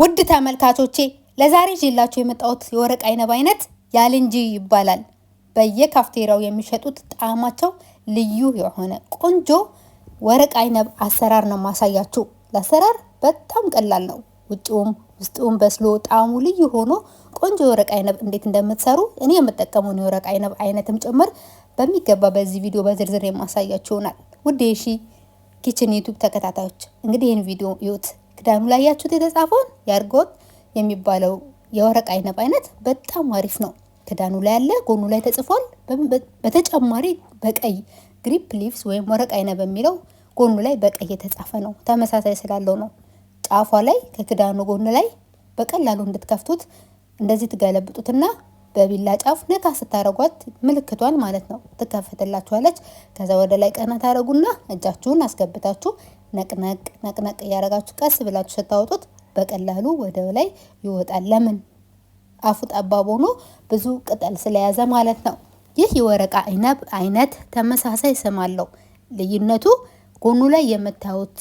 ውድ ተመልካቾቼ ለዛሬ ይዤላችሁ የመጣሁት የወረቅ አይነብ አይነት ያልንጂ ይባላል። በየካፍቴሪያው የሚሸጡት ጣዕማቸው ልዩ የሆነ ቆንጆ ወረቅ አይነብ አሰራር ነው ማሳያችሁ። ለአሰራር በጣም ቀላል ነው። ውጭውም ውስጡም በስሎ ጣዕሙ ልዩ ሆኖ ቆንጆ የወረቅ አይነብ እንዴት እንደምትሰሩ እኔ የምጠቀመውን የወረቅ አይነብ አይነትም ጭምር በሚገባ በዚህ ቪዲዮ በዝርዝር የማሳያችሁ ይሆናል። ውድ የሺ ኪችን ዩቱብ ተከታታዮች እንግዲህ ይህን ቪዲዮ ይዩት። ክዳኑ ላይ ያችሁት የተጻፈውን የአርጎት የሚባለው የወረቅ አይነብ አይነት በጣም አሪፍ ነው። ክዳኑ ላይ ያለ ጎኑ ላይ ተጽፏል። በተጨማሪ በቀይ ግሪፕ ሊቭስ ወይም ወረቅ አይነብ የሚለው ጎኑ ላይ በቀይ የተጻፈ ነው። ተመሳሳይ ስላለው ነው። ጫፏ ላይ ከክዳኑ ጎን ላይ በቀላሉ እንድትከፍቱት እንደዚህ ትገለብጡትና በቢላ ጫፍ ነካ ስታረጓት ምልክቷን ማለት ነው ትከፈትላችኋለች። ከዛ ወደ ላይ ቀና ታረጉና እጃችሁን አስገብታችሁ ነቅነቅ ነቅነቅ እያደረጋችሁ ቀስ ብላችሁ ስታወጡት በቀላሉ ወደ ላይ ይወጣል። ለምን አፉ ጠባብ ሆኖ ብዙ ቅጠል ስለያዘ ማለት ነው። ይህ የወረቃ አይነብ አይነት ተመሳሳይ ስም አለው። ልዩነቱ ጎኑ ላይ የምታዩት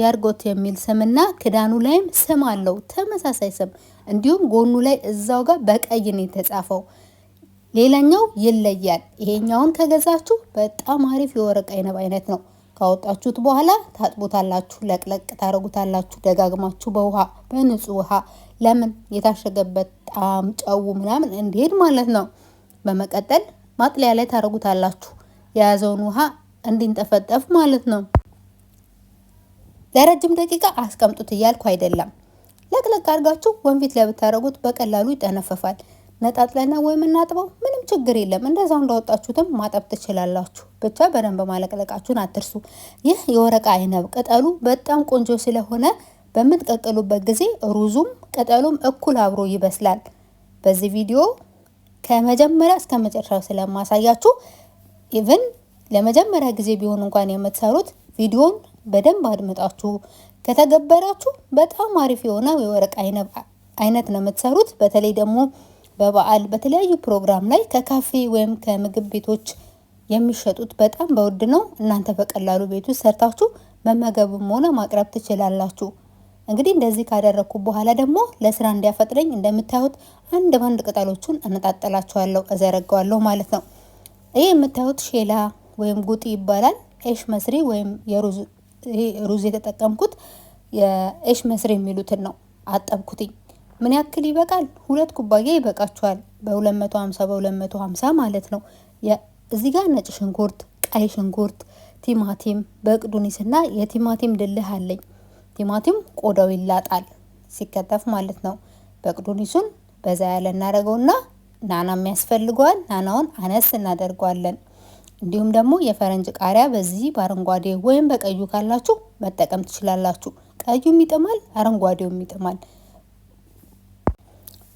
የርጎት የሚል ስምና ክዳኑ ላይም ስም አለው ተመሳሳይ ስም። እንዲሁም ጎኑ ላይ እዛው ጋር በቀይ ነው የተጻፈው። ሌላኛው ይለያል። ይሄኛውን ከገዛችሁ በጣም አሪፍ የወረቃ አይነብ አይነት ነው። ካወጣችሁት በኋላ ታጥቦታላችሁ፣ ለቅለቅ ታደረጉታላችሁ። ደጋግማችሁ በውሃ በንጹህ ውሃ ለምን የታሸገበት ጣም ጨው ምናምን እንዲሄድ ማለት ነው። በመቀጠል ማጥለያ ላይ ታደረጉታላችሁ፣ የያዘውን ውሃ እንዲንጠፈጠፍ ማለት ነው። ለረጅም ደቂቃ አስቀምጡት እያልኩ አይደለም። ለቅለቅ አድርጋችሁ ወንፊት ላይ ብታደረጉት በቀላሉ ይጠነፈፋል። ነጣጥለና ወይም እናጥበው፣ ምንም ችግር የለም። እንደዛው እንዳወጣችሁትም ማጠብ ትችላላችሁ። ብቻ በደንብ ማለቅለቃችሁን አትርሱ። ይህ የወረቃ አይነብ ቅጠሉ በጣም ቆንጆ ስለሆነ በምትቀቅሉበት ጊዜ ሩዙም ቅጠሉም እኩል አብሮ ይበስላል። በዚህ ቪዲዮ ከመጀመሪያ እስከ መጨረሻው ስለማሳያችሁ ኢቭን ለመጀመሪያ ጊዜ ቢሆን እንኳን የምትሰሩት ቪዲዮን በደንብ አድምጣችሁ ከተገበራችሁ በጣም አሪፍ የሆነ የወረቃ አይነት ነው የምትሰሩት። በተለይ ደግሞ በበዓል በተለያዩ ፕሮግራም ላይ ከካፌ ወይም ከምግብ ቤቶች የሚሸጡት በጣም በውድ ነው። እናንተ በቀላሉ ቤት ውስጥ ሰርታችሁ መመገብም ሆነ ማቅረብ ትችላላችሁ። እንግዲህ እንደዚህ ካደረግኩ በኋላ ደግሞ ለስራ እንዲያፈጥረኝ እንደምታዩት አንድ በአንድ ቅጠሎቹን እነጣጠላቸዋለሁ እዘረገዋለሁ ማለት ነው። ይህ የምታዩት ሼላ ወይም ጉጢ ይባላል። ኤሽ መስሪ ወይም ሩዝ የተጠቀምኩት የኤሽ መስሪ የሚሉትን ነው። አጠብኩትኝ ምን ያክል ይበቃል? ሁለት ኩባያ ይበቃችኋል። በ250 በ250 ማለት ነው። እዚህ ጋር ነጭ ሽንኩርት፣ ቀይ ሽንኩርት፣ ቲማቲም በቅዱኒስ እና የቲማቲም ድልህ አለኝ። ቲማቲም ቆዳው ይላጣል ሲከተፍ ማለት ነው። በቅዱኒሱን በዛ ያለ እናደርገውና ናናም ያስፈልገዋል። ናናውን አነስ እናደርገዋለን። እንዲሁም ደግሞ የፈረንጅ ቃሪያ በዚህ በአረንጓዴ ወይም በቀዩ ካላችሁ መጠቀም ትችላላችሁ። ቀዩም ይጥማል፣ አረንጓዴውም ይጥማል።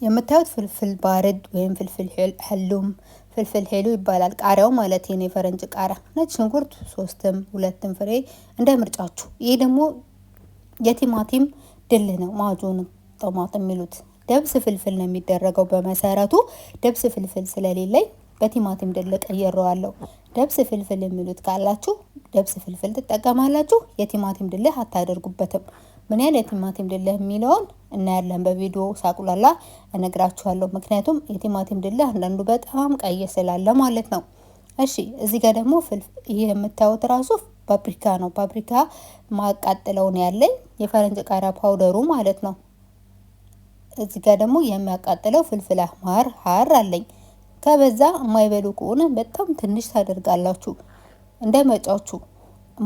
የምታዩት ፍልፍል ባርድ ወይም ፍልፍል ሕሉም ፍልፍል ሄሉ ይባላል። ቃሪያው ማለት ነው፣ የፈረንጅ ቃሪያ። ነጭ ሽንኩርት ሶስትም ሁለትም ፍሬ እንደ ምርጫችሁ። ይህ ደግሞ የቲማቲም ድል ነው፣ ማጆን ጦማት የሚሉት ደብስ ፍልፍል ነው የሚደረገው። በመሰረቱ ደብስ ፍልፍል ስለሌለኝ በቲማቲም ድል ቀይሬዋለሁ። ደብስ ፍልፍል የሚሉት ካላችሁ ደብስ ፍልፍል ትጠቀማላችሁ። የቲማቲም ድልህ አታደርጉበትም። ምን ያህል የቲማቲም ድልህ የሚለውን እናያለን። በቪዲዮ ሳቁላላ እነግራችኋለሁ። ምክንያቱም የቲማቲም ድልህ አንዳንዱ በጣም ቀይ ስላለ ማለት ነው። እሺ እዚህ ጋር ደግሞ ይህ የምታዩት ራሱ ፓፕሪካ ነው። ፓፕሪካ ማቃጥለውን ያለኝ የፈረንጅ ቃሪያ ፓውደሩ ማለት ነው። እዚህ ጋር ደግሞ የሚያቃጥለው ፍልፍል አህማር ሀር አለኝ። ከበዛ የማይበሉ ከሆነ በጣም ትንሽ ታደርጋላችሁ እንዳይመጫችሁ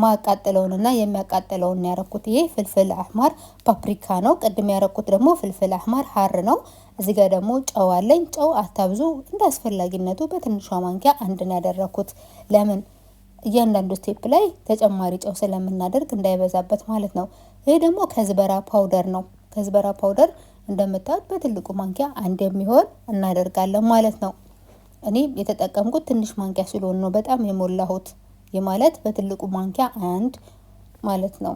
ማቃጠለውንና የሚያቃጠለውን ያረኩት። ይሄ ፍልፍል አህማር ፓፕሪካ ነው። ቅድም ያረኩት ደግሞ ፍልፍል አህማር ሀር ነው። እዚህ ጋር ደግሞ ጨው አለኝ። ጨው አታብዙ፣ እንደ አስፈላጊነቱ በትንሿ ማንኪያ አንድን ያደረኩት። ለምን እያንዳንዱ ስቴፕ ላይ ተጨማሪ ጨው ስለምናደርግ እንዳይበዛበት ማለት ነው። ይሄ ደግሞ ከዝበራ ፓውደር ነው። ከዝበራ ፓውደር እንደምታዩት በትልቁ ማንኪያ አንድ የሚሆን እናደርጋለን ማለት ነው። እኔ የተጠቀምኩት ትንሽ ማንኪያ ስለሆነ ነው በጣም የሞላሁት። የማለት በትልቁ ማንኪያ አንድ ማለት ነው።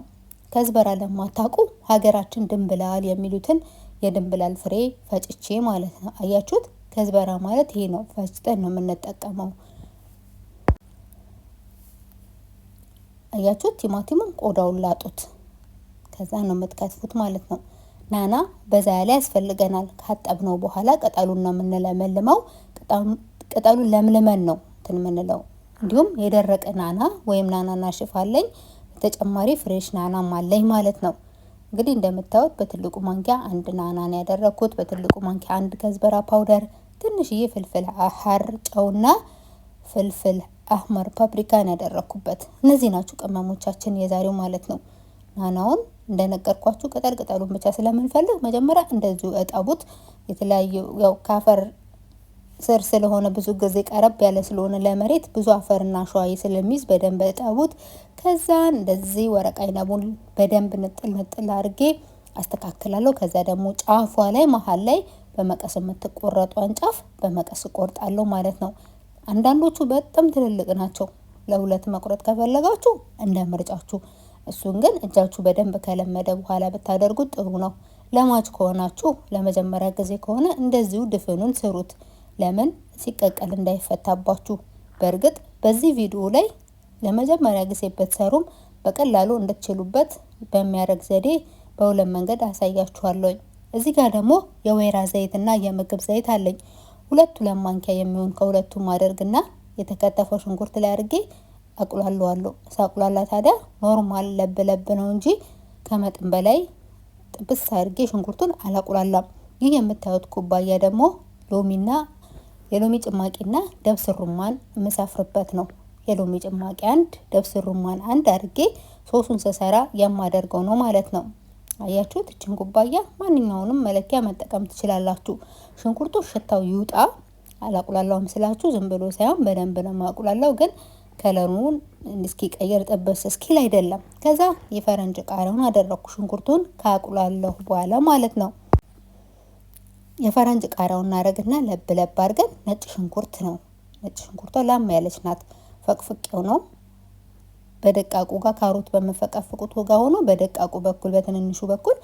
ከዝበራ ለማታውቁ ሀገራችን ድንብላል የሚሉትን የድንብላል ፍሬ ፈጭቼ ማለት ነው። አያችሁት? ከዝበራ ማለት ይሄ ነው። ፈጭተን ነው የምንጠቀመው። አያችሁት? ቲማቲሙን ቆዳውን ላጡት። ከዛ ነው የምትከትፉት ማለት ነው። ናና በዛ ያለ ያስፈልገናል። ካጠብነው በኋላ ቅጠሉን ነው የምንለመልመው። ቅጠሉን ለምልመን ነው እንትን የምንለው እንዲሁም የደረቀ ናና ወይም ናናና ሽፍ አለኝ። በተጨማሪ ፍሬሽ ናናም አለኝ ማለት ነው። እንግዲህ እንደምታዩት በትልቁ ማንኪያ አንድ ናናን ያደረግኩት፣ በትልቁ ማንኪያ አንድ ከዝበራ ፓውደር፣ ትንሽዬ ፍልፍል ሐር ጨውና ፍልፍል አህመር ፓፕሪካን ያደረግኩበት። እነዚህ ናቸው ቅመሞቻችን የዛሬው ማለት ነው። ናናውን እንደነገርኳችሁ ቅጠል ቅጠሉን ብቻ ስለምንፈልግ መጀመሪያ እንደዚሁ እጠቡት። የተለያዩ ያው ካፈር ስር ስለሆነ ብዙ ጊዜ ቀረብ ያለ ስለሆነ ለመሬት ብዙ አፈርና ሸዋይ ስለሚይዝ በደንብ እጠቡት። ከዛ እንደዚህ ወረቀ አይነቡን በደንብ ንጥል ንጥል አድርጌ አስተካክላለሁ። ከዛ ደግሞ ጫፏ ላይ መሀል ላይ በመቀስ የምትቆረጧን ጫፍ በመቀስ እቆርጣለሁ ማለት ነው። አንዳንዶቹ በጣም ትልልቅ ናቸው። ለሁለት መቁረጥ ከፈለጋችሁ እንደ ምርጫችሁ። እሱን ግን እጃችሁ በደንብ ከለመደ በኋላ ብታደርጉት ጥሩ ነው። ለማች ከሆናችሁ ለመጀመሪያ ጊዜ ከሆነ እንደዚሁ ድፍኑን ስሩት። ለምን ሲቀቀል እንዳይፈታባችሁ። በእርግጥ በዚህ ቪዲዮ ላይ ለመጀመሪያ ጊዜ ብትሰሩም በቀላሉ እንድትችሉበት በሚያደርግ ዘዴ በሁለት መንገድ አሳያችኋለሁ። እዚህ ጋር ደግሞ የወይራ ዘይትና የምግብ ዘይት አለኝ። ሁለቱ ለማንኪያ የሚሆን ከሁለቱም አደርግና የተከተፈ ሽንኩርት ላይ አድርጌ አቁላለዋለሁ። ሳቁላላ ታዲያ ኖርማል ለብ ለብ ነው እንጂ ከመጠን በላይ ጥብስ አድርጌ ሽንኩርቱን አላቁላላም። ይህ የምታዩት ኩባያ ደግሞ ሎሚና የሎሚ ጭማቂና ደብስ ሩማን የምሰፍርበት ነው። የሎሚ ጭማቂ አንድ ደብስ ሩማን አንድ አድርጌ ሶሱን ስሰራ የማደርገው ነው ማለት ነው። አያችሁት? እችን ኩባያ ማንኛውንም መለኪያ መጠቀም ትችላላችሁ። ሽንኩርቱ ሽታው ይውጣ አላቁላላውም ስላችሁ ዝም ብሎ ሳይሆን በደንብ ነው ማቁላላው፣ ግን ከለሩን እስኪቀየር ጥበስ እስኪል አይደለም። ከዛ የፈረንጅ ቃሪያውን አደረግኩ ሽንኩርቱን ካቁላለሁ በኋላ ማለት ነው። የፈረንጅ ቃሪያውን እናደርግና ለብ ለብ አድርገን ነጭ ሽንኩርት ነው። ነጭ ሽንኩርቷ ላም ያለች ናት። ፈቅፍቄው ነው በደቃቁ ጋር ካሮት በመፈቀፍቁት ጋር ሆኖ በደቃቁ በኩል በትንንሹ በኩል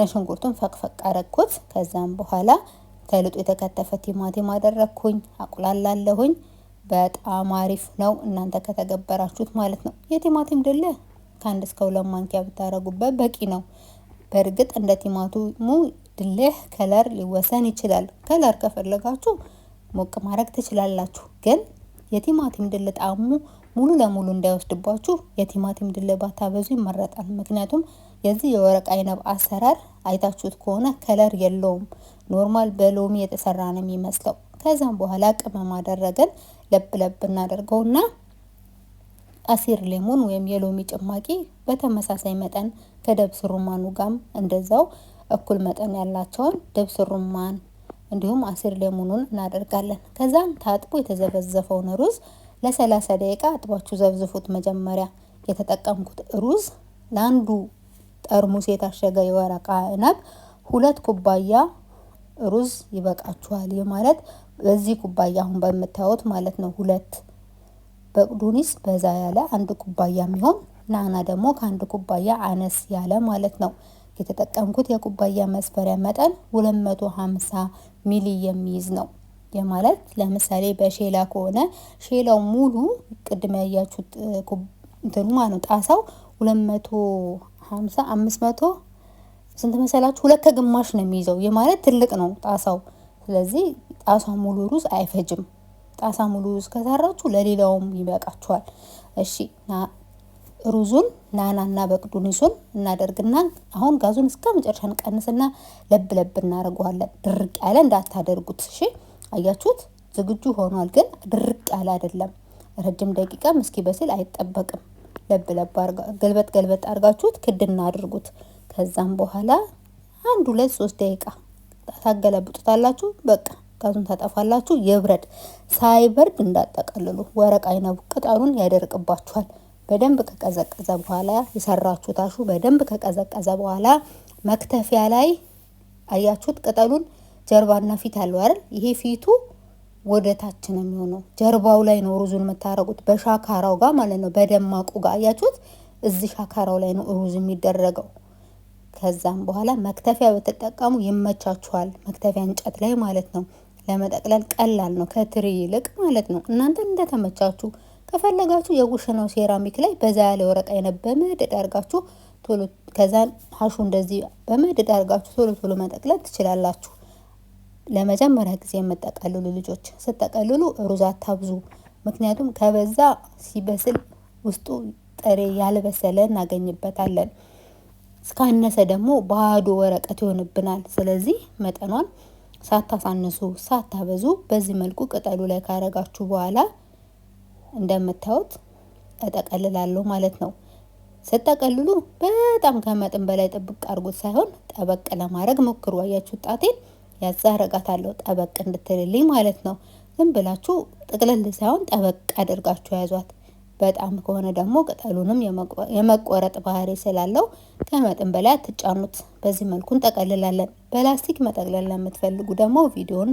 ነሽንኩርቱን ፈቅፈቅ አረግኩት። ከዛም በኋላ ተልጦ የተከተፈ ቲማቲም አደረግኩኝ። አቁላላለሁኝ። በጣም አሪፍ ነው፣ እናንተ ከተገበራችሁት ማለት ነው። የቲማቲም ድል ከአንድ እስከ ሁለት ማንኪያ ብታረጉበት በቂ ነው። በእርግጥ እንደ ቲማቲሙ ድልህ ከለር ሊወሰን ይችላል። ከለር ከፈለጋችሁ ሞቅ ማድረግ ትችላላችሁ። ግን የቲማቲም ድል ጣዕሙ ሙሉ ለሙሉ እንዳይወስድባችሁ የቲማቲም ድል ባታበዙ ይመረጣል። ምክንያቱም የዚህ የወረቅ አይነብ አሰራር አይታችሁት ከሆነ ከለር የለውም። ኖርማል በሎሚ የተሰራ ነው የሚመስለው። ከዛም በኋላ ቅመም አደረገን ለብ ለብ እናደርገውና አሲር ሌሞን ወይም የሎሚ ጭማቂ በተመሳሳይ መጠን ከደብስ ሩማኑ ጋም እንደዛው እኩል መጠን ያላቸውን ድብስ ሩማን እንዲሁም አሲር ሌሙኑን እናደርጋለን። ከዛም ታጥቦ የተዘበዘፈውን ሩዝ ለሰላሳ ደቂቃ አጥባችሁ ዘብዝፉት። መጀመሪያ የተጠቀምኩት ሩዝ ለአንዱ ጠርሙስ የታሸገ የወረቃ ንብ ሁለት ኩባያ ሩዝ ይበቃችኋል። ይህ ማለት በዚህ ኩባያ አሁን በምታዩት ማለት ነው። ሁለት በቅዱኒስ በዛ ያለ አንድ ኩባያ የሚሆን ናና ደግሞ ከአንድ ኩባያ አነስ ያለ ማለት ነው። የተጠቀምኩት የኩባያ መስፈሪያ መጠን 250 ሚሊ የሚይዝ ነው። የማለት ለምሳሌ በሼላ ከሆነ ሼላው ሙሉ ቅድም ያያችሁት እንትኑ ነው ጣሳው 250 500 ስንት መሰላችሁ? ሁለት ከግማሽ ነው የሚይዘው። የማለት ትልቅ ነው ጣሳው። ስለዚህ ጣሳ ሙሉ ሩዝ አይፈጅም። ጣሳ ሙሉ ሩዝ ከሰራችሁ ለሌላውም ይበቃችኋል። እሺ ሩዙን ናናና በቅዱን ይሱን እናደርግና አሁን ጋዙን እስከ መጨረሻ እንቀንስና ለብ ለብ እናደርገዋለን። ድርቅ ያለ እንዳታደርጉት። እሺ አያችሁት፣ ዝግጁ ሆኗል። ግን ድርቅ ያለ አይደለም። ረጅም ደቂቃ እስኪ በስል አይጠበቅም። ለብ ለብ ገልበጥ ገልበጥ አድርጋችሁት ክድና አድርጉት። ከዛም በኋላ አንድ ሁለት ሶስት ደቂቃ ታገለብጡታላችሁ። በቃ ጋዙን ታጠፋላችሁ። ይብረድ። ሳይበርድ እንዳጠቀልሉ፣ ወረቅ አይነቡ፣ ቅጠሉን ያደርቅባችኋል። በደንብ ከቀዘቀዘ በኋላ የሰራችሁት አሹ በደንብ ከቀዘቀዘ በኋላ መክተፊያ ላይ አያችሁት፣ ቅጠሉን ጀርባና ፊት አለው አይደል? ይሄ ፊቱ ወደ ታች ነው የሚሆነው። ጀርባው ላይ ነው ሩዙን የምታረጉት፣ በሻካራው ጋር ማለት ነው፣ በደማቁ ጋር አያችሁት። እዚህ ሻካራው ላይ ነው ሩዝ የሚደረገው። ከዛም በኋላ መክተፊያ በተጠቀሙ ይመቻችኋል። መክተፊያ እንጨት ላይ ማለት ነው። ለመጠቅለል ቀላል ነው፣ ከትሪ ይልቅ ማለት ነው። እናንተ እንደተመቻችሁ ከፈለጋችሁ የጉሽናው ሴራሚክ ላይ በዛ ያለ ወረቀ አይነት በመደድ አድርጋችሁ ቶሎ ከዛን ሀሹ እንደዚህ በመደድ አድርጋችሁ ቶሎ ቶሎ መጠቅለል ትችላላችሁ። ለመጀመሪያ ጊዜ የምጠቀልሉ ልጆች ስጠቀልሉ ሩዝ አታብዙ። ምክንያቱም ከበዛ ሲበስል ውስጡ ጥሬ ያልበሰለ እናገኝበታለን። እስካነሰ ደግሞ ባዶ ወረቀት ይሆንብናል። ስለዚህ መጠኗን ሳታሳንሱ ሳታበዙ በዚህ መልኩ ቅጠሉ ላይ ካረጋችሁ በኋላ እንደምታዩት እጠቀልላለሁ ማለት ነው። ስጠቀልሉ በጣም ከመጠን በላይ ጥብቅ አድርጉት ሳይሆን ጠበቅ ለማድረግ ሞክሩ። አያችሁ ጣቴን ያዛረጋታለሁ ጠበቅ እንድትልልኝ ማለት ነው። ዝም ብላችሁ ጥቅልል ሳይሆን ጠበቅ አድርጋችሁ ያዟት። በጣም ከሆነ ደግሞ ቅጠሉንም የመቆረጥ ባህሪ ስላለው ከመጠን በላይ አትጫኑት። በዚህ መልኩ እንጠቀልላለን። በላስቲክ መጠቅለል ለምትፈልጉ ደግሞ ቪዲዮን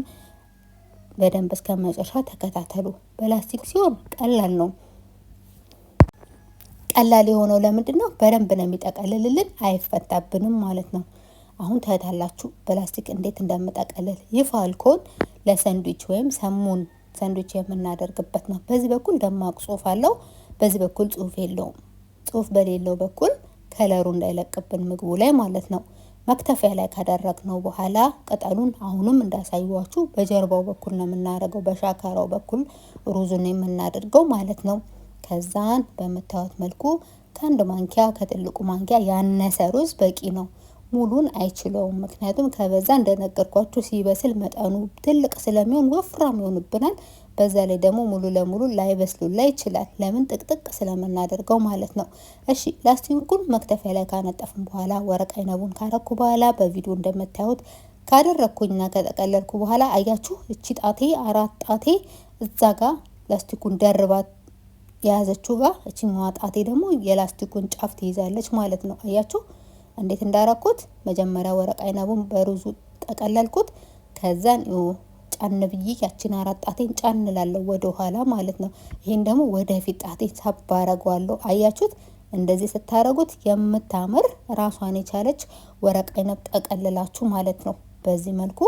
በደንብ እስከ መጨረሻ ተከታተሉ። በላስቲክ ሲሆን ቀላል ነው። ቀላል የሆነው ለምንድን ነው? በደንብ ነው የሚጠቀልልልን፣ አይፈታብንም ማለት ነው። አሁን ታይታላችሁ በላስቲክ እንዴት እንደምጠቀልል። ይህ ፋልኮን ወይም ሰሙን ሰንድዊች የምናደርግበት ነው። በዚህ በኩል ደማቅ ጽሁፍ አለው፣ በዚህ በኩል ጽሁፍ የለውም። ጽሁፍ በሌለው በኩል ከለሩ እንዳይለቅብን ምግቡ ላይ ማለት ነው። መክተፊያ ላይ ካደረግነው በኋላ ቅጠሉን አሁንም እንዳሳዩችሁ በጀርባው በኩል ነው የምናደርገው፣ በሻካራው በኩል ሩዙን የምናደርገው ማለት ነው። ከዛን በምታዩት መልኩ ከአንድ ማንኪያ ከትልቁ ማንኪያ ያነሰ ሩዝ በቂ ነው። ሙሉን አይችለውም። ምክንያቱም ከበዛ እንደነገርኳችሁ ሲበስል መጠኑ ትልቅ ስለሚሆን ወፍራም ይሆንብናል። በዛ ላይ ደግሞ ሙሉ ለሙሉ ላይ ይችላል። ለምን ጥቅጥቅ ስለምናደርገው ማለት ነው። እሺ ላስቲኩን መክተፊያ ላይ ካነጠፍን በኋላ ወረቅ አይነቡን ካረኩ በኋላ በቪዲዮ እንደምታዩት ካደረግኩኝና ከጠቀለልኩ በኋላ አያችሁ፣ እቺ ጣቴ አራት ጣቴ እዛ ጋ ላስቲኩን ደርባት የያዘችው ጋር እችኛዋ ጣቴ ደግሞ የላስቲኩን ጫፍ ትይዛለች ማለት ነው። አያችሁ እንዴት እንዳረኩት መጀመሪያ ወረቃ አይነቡን በሩዙ ጠቀለልኩት። ከዛን ጫን ብዬ ያችን አራት ጣቴን ጫን ላለው ወደ ኋላ ማለት ነው። ይህን ደግሞ ወደፊት ጣቴ ሳብ አያችሁት? እንደዚህ ስታረጉት የምታምር ራሷን የቻለች ወረቃ አይነብ ጠቀልላችሁ ማለት ነው። በዚህ መልኩ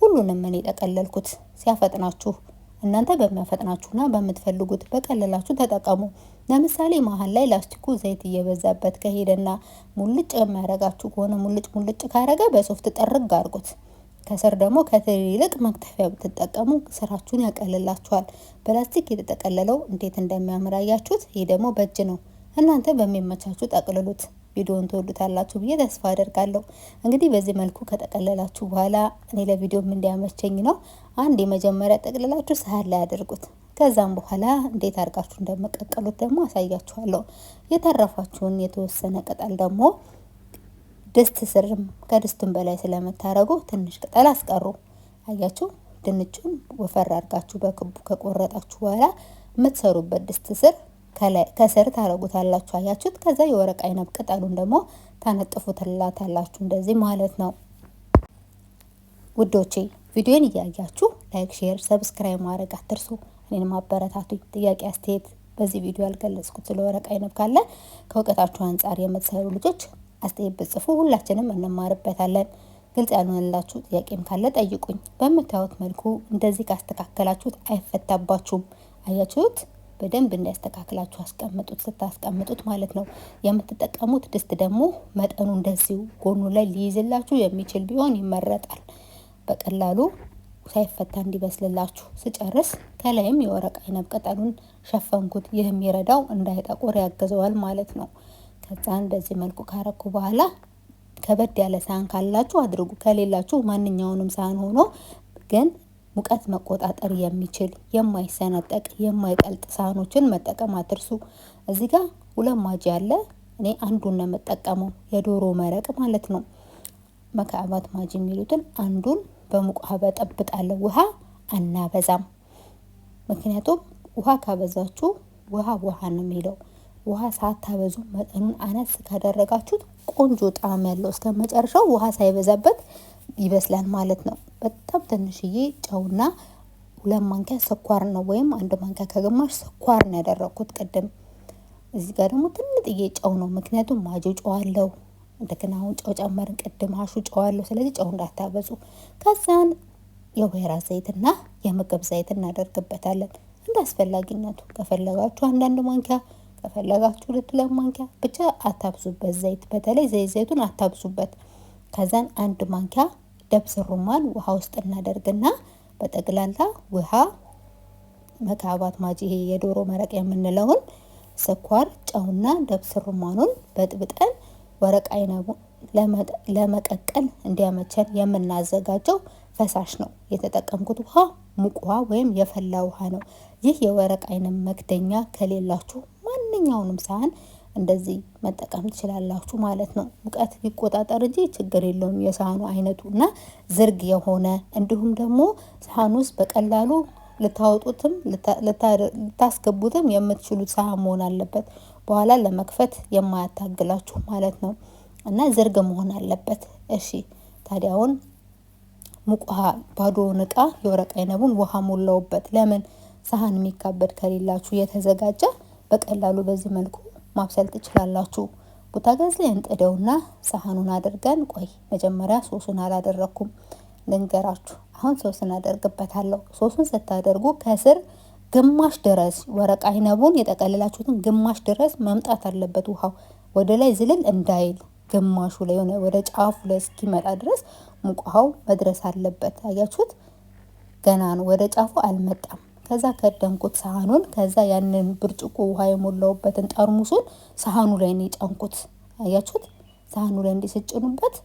ሁሉንም እኔ ጠቀለልኩት። ሲያፈጥናችሁ እናንተ በሚያፈጥናችሁና በምትፈልጉት በቀለላችሁ ተጠቀሙ። ለምሳሌ መሀል ላይ ላስቲኩ ዘይት እየበዛበት ከሄደና ሙልጭ የሚያረጋችሁ ከሆነ ሙልጭ ሙልጭ ካረገ በሶፍት ጠርግ አድርጉት። ከስር ደግሞ ከትሪ ይልቅ መክተፊያ ብትጠቀሙ ስራችሁን ያቀልላችኋል። በላስቲክ የተጠቀለለው እንዴት እንደሚያምር አያችሁት? ይህ ደግሞ በእጅ ነው። እናንተ በሚመቻችሁ ጠቅልሉት። ቪዲዮን ትወዱታላችሁ ብዬ ተስፋ አደርጋለሁ። እንግዲህ በዚህ መልኩ ከጠቀለላችሁ በኋላ እኔ ለቪዲዮም እንዲያመቸኝ ነው አንድ የመጀመሪያ ጠቅልላችሁ ሳህን ላይ አድርጉት። ከዛም በኋላ እንዴት አድርጋችሁ እንደምቀቀሉት ደግሞ አሳያችኋለሁ። የተረፋችሁን የተወሰነ ቅጠል ደግሞ ድስት ስርም ከድስቱን በላይ ስለምታረጉ ትንሽ ቅጠል አስቀሩ። አያችሁ፣ ድንቹን ወፈር አድርጋችሁ በክቡ ከቆረጣችሁ በኋላ የምትሰሩበት ድስት ስር ከስር ታረጉታላችሁ። አያችሁት? ከዛ የወረቅ አይነብ ቅጠሉን ደግሞ ታነጥፉትላታላችሁ እንደዚህ ማለት ነው። ውዶቼ ቪዲዮን እያያችሁ ላይክ፣ ሼር፣ ሰብስክራይብ ማድረግ አትርሱ። እኔንም አበረታቱኝ። ጥያቄ አስተያየት በዚህ ቪዲዮ ያልገለጽኩት ስለ ወረቃ አይነብ ካለ ከእውቀታችሁ አንጻር የምትሰሩ ልጆች አስተያየት ብጽፉ ሁላችንም እንማርበታለን። ግልጽ ያልሆነላችሁ ጥያቄም ካለ ጠይቁኝ። በምታዩት መልኩ እንደዚህ ካስተካከላችሁት አይፈታባችሁም። አያችሁት? በደንብ እንዳያስተካክላችሁ አስቀምጡት፣ ስታስቀምጡት ማለት ነው። የምትጠቀሙት ድስት ደግሞ መጠኑ እንደዚሁ ጎኑ ላይ ሊይዝላችሁ የሚችል ቢሆን ይመረጣል። በቀላሉ ሳይፈታ እንዲበስልላችሁ ስጨርስ ከላይም የወረቅ አይነብ ቅጠሉን ሸፈንኩት። ይህም ይረዳው እንዳይጠቁር ያግዘዋል ማለት ነው። ከዛ እንደዚህ መልኩ ካረኩ በኋላ ከበድ ያለ ሳህን ካላችሁ አድርጉ፣ ከሌላችሁ ማንኛውንም ሳህን ሆኖ ግን ሙቀት መቆጣጠር የሚችል የማይሰነጠቅ የማይቀልጥ ሳህኖችን መጠቀም አትርሱ። እዚህ ጋር ሁለት ማጅ ያለ እኔ አንዱን ነው የምጠቀመው የዶሮ መረቅ ማለት ነው። መካባት ማጅ የሚሉትን አንዱን በሙቅ ውሃ በጠብጣለሁ። ውሃ አናበዛም። ምክንያቱም ውሃ ካበዛችሁ ውሃ ውሃ ነው የሚለው። ውሃ ሳታበዙ መጠኑን አነስ ካደረጋችሁት ቆንጆ ጣዕም ያለው እስከ መጨረሻው ውሃ ሳይበዛበት ይበስላል ማለት ነው። በጣም ትንሽዬ ጨውና ሁለት ማንኪያ ስኳር ነው ወይም አንድ ማንኪያ ከግማሽ ስኳር ነው ያደረኩት ቅድም። እዚህ ጋር ደግሞ ትንጥዬ ጨው ነው፣ ምክንያቱም ማጆ ጨው አለው። እንደገና አሁን ጨው ጨመርን። ቅድም ሀሹ ጨው አለው፣ ስለዚህ ጨው እንዳታበዙ። ከዛን የወይራ ዘይትና የምግብ ዘይት እናደርግበታለን እንደ አስፈላጊነቱ። ከፈለጋችሁ አንዳንድ ማንኪያ ከፈለጋችሁ ሁለት ሁለት ማንኪያ ብቻ አታብዙበት ዘይት፣ በተለይ ዘይት ዘይቱን አታብዙበት። ከዛን አንድ ማንኪያ ደብስ ሩማን ውሃ ውስጥ እናደርግና በጠቅላላ ውሃ መካባት ማጂ የዶሮ መረቅ የምንለውን ስኳር፣ ጨውና ደብስ ሩማኑን በጥብጠን ወረቅ አይነቡ ለመቀቀል እንዲያመቸን የምናዘጋጀው ፈሳሽ ነው። የተጠቀምኩት ውሃ ሙቅ ውሃ ወይም የፈላ ውሃ ነው። ይህ የወረቅ አይነ መክደኛ ከሌላችሁ ማንኛውንም ሳህን እንደዚህ መጠቀም ትችላላችሁ ማለት ነው። ሙቀት ሊቆጣጠር እንጂ ችግር የለውም የሳህኑ አይነቱ እና ዝርግ የሆነ እንዲሁም ደግሞ ሳህን ውስጥ በቀላሉ ልታወጡትም ልታስገቡትም የምትችሉት ሳህን መሆን አለበት። በኋላ ለመክፈት የማያታግላችሁ ማለት ነው እና ዝርግ መሆን አለበት። እሺ ታዲያውን አሁን ሙቅ ባዶውን እቃ የወረቅ አይነቡን ውሃ ሞላውበት። ለምን ሳህን የሚካበድ ከሌላችሁ የተዘጋጀ በቀላሉ በዚህ መልኩ ማብሰል ትችላላችሁ። ቡታገዝ ላይ እንጥደውና ሳህኑን አድርገን ቆይ መጀመሪያ ሶሱን አላደረግኩም ልንገራችሁ። አሁን ሶስን አደርግበታለሁ። ሶሱን ስታደርጉ ከስር ግማሽ ድረስ ወረቃ አይነቡን የጠቀለላችሁትን ግማሽ ድረስ መምጣት አለበት። ውሃው ወደ ላይ ዝልል እንዳይል ግማሹ ላይ ሆነ ወደ ጫፉ ላይ እስኪመጣ ድረስ ሙቋሃው መድረስ አለበት። አያችሁት? ገና ነው፣ ወደ ጫፉ አልመጣም። ከዛ ከደንኩት ሳህኑን። ከዛ ያንን ብርጭቆ ውሃ የሞላውበትን ጠርሙሱን ሳህኑ ላይ ነው የጫንኩት። አያችሁት? ሳህኑ ላይ እንዲስጭኑበት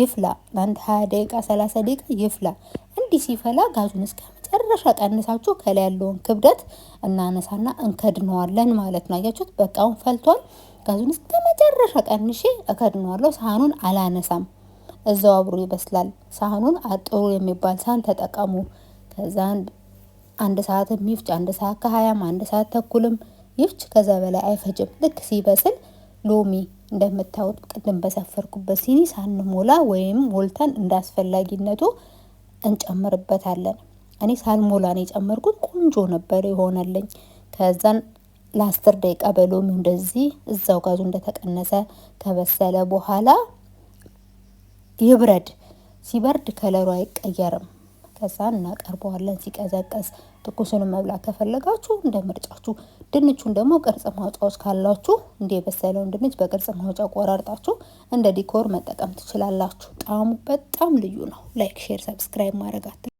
ይፍላ። ለአንድ ሀያ ደቂቃ ሰላሳ ደቂቃ ይፍላ። እንዲህ ሲፈላ ጋዙን እስከ መጨረሻ ቀንሳችሁ ከላይ ያለውን ክብደት እናነሳና እንከድነዋለን ማለት ነው። አያችሁት? በቃውን ፈልቷል። ጋዙን እስከ መጨረሻ ቀንሼ እከድነዋለሁ። ሳህኑን አላነሳም፣ እዛው አብሮ ይበስላል። ሳህኑን አጥሩ የሚባል ሳህን ተጠቀሙ። ከዛ አንድ ሰዓት ይፍጭ፣ አንድ ሰዓት ከሀያም አንድ ሰዓት ተኩልም ይፍጭ። ከዛ በላይ አይፈጅም። ልክ ሲበስል ሎሚ እንደምታዩት ቅድም በሰፈርኩበት ሲኒ ሳንሞላ ወይም ሞልተን እንዳስፈላጊነቱ እንጨምርበታለን። እኔ ሳልሞላን የጨመርኩት። ቆንጆ ነበር የሆነልኝ። ከዛን ለአስር ደቂቃ በሎሚ እንደዚህ እዛው ጋዙ እንደተቀነሰ ከበሰለ በኋላ ይብረድ። ሲበርድ ከለሩ አይቀየርም። ከዛ እናቀርበዋለን ሲቀዘቀዝ። ትኩሱንም መብላት ከፈለጋችሁ እንደ ምርጫችሁ። ድንቹን ደግሞ ቅርጽ ማውጫዎች ካላችሁ እንደ የበሰለውን ድንች በቅርጽ ማውጫ ቆራርጣችሁ እንደ ዲኮር መጠቀም ትችላላችሁ። ጣዕሙ በጣም ልዩ ነው። ላይክ፣ ሼር፣ ሰብስክራይብ ማድረጋት